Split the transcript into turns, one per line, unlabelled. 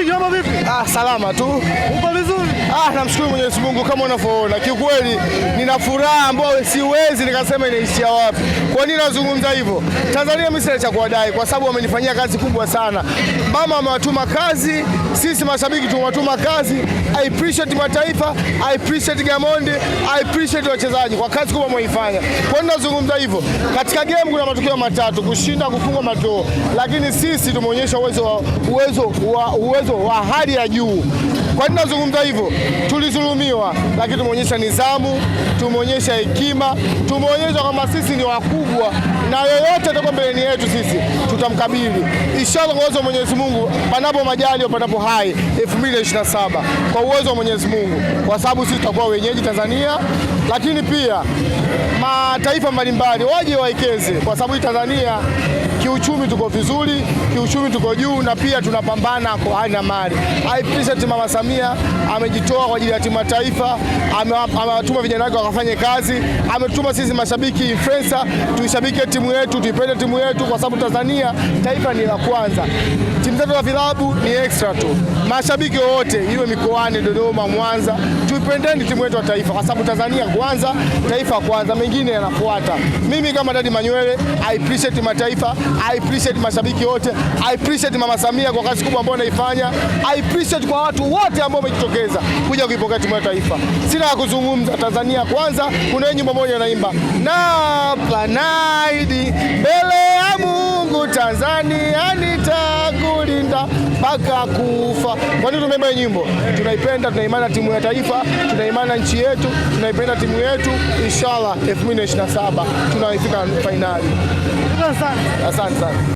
ligi ama vipi?
Ah, salama tu. Upo vizuri? Ah, namshukuru Mwenyezi Mungu kama unavyoona. Kiukweli nina furaha ambayo siwezi nikasema inaishia wapi. Kwa nini nazungumza hivyo? Tanzania mimi sina cha kuwadai kwa sababu wamenifanyia kazi kubwa sana. Mama amewatuma kazi, sisi mashabiki tumewatuma kazi. I appreciate mataifa, I appreciate Gamondi, I appreciate wachezaji kwa kazi kubwa mwaifanya. Kwa nini nazungumza hivyo? Katika game kuna matukio matatu: kushinda, kufunga, matoo. Lakini sisi tumeonyesha uwezo wa uwezo wa uwezo uzito wa hali ya juu. Kwa nini nazungumza hivyo? Tulidhulumiwa, lakini tumeonyesha nidhamu, tumeonyesha hekima, tumeonyesha kwamba sisi ni wakubwa na yoyote atoko mbeleni yetu tutamkabili inshallah, kwa uwezo wa Mwenyezi Mungu, panapo majali panapo hai 2027 kwa uwezo wa Mwenyezi Mungu, kwa sababu sisi tutakuwa wenyeji Tanzania, lakini pia mataifa mbalimbali waje waekeze, kwa sababu hii Tanzania kiuchumi tuko vizuri, kiuchumi tuko juu, na pia tunapambana kwa hali na mali. I appreciate Mama Samia amejitoa kwa ajili ya timu ya taifa, amewatuma vijana wake wakafanye kazi, ametuma sisi mashabiki influencer tuishabikie timu yetu, tuipende timu yetu, kwa sababu Tanzania taifa ni la kwanza. Timu zetu za vilabu ni extra tu. Mashabiki wote iwe mikoani, Dodoma, Mwanza, tuipendeni timu yetu ya taifa, kwa sababu Tanzania kwanza, taifa kwanza, mengine yanafuata. Mimi kama Dadi Manywele, I appreciate mataifa, I appreciate mashabiki wote, I appreciate Mama Samia kwa kazi kubwa ambayo anaifanya, I appreciate kwa watu wote ambao wamejitokeza kuja kuipokea timu ya taifa. Sina ya kuzungumza, Tanzania kwanza. Kuna nyimbo moja naimba na planaidi mpaka kufa. Kwa nini tumebeba nyimbo? Tunaipenda, tunaimana timu ya taifa, tunaimana nchi yetu, tunaipenda timu yetu. Inshallah 2027 tunaifika fainali. Asante sana.